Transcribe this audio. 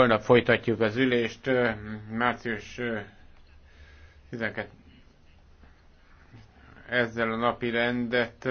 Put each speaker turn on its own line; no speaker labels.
Holnap folytatjuk az ülést, március 12 ezzel a napi rendet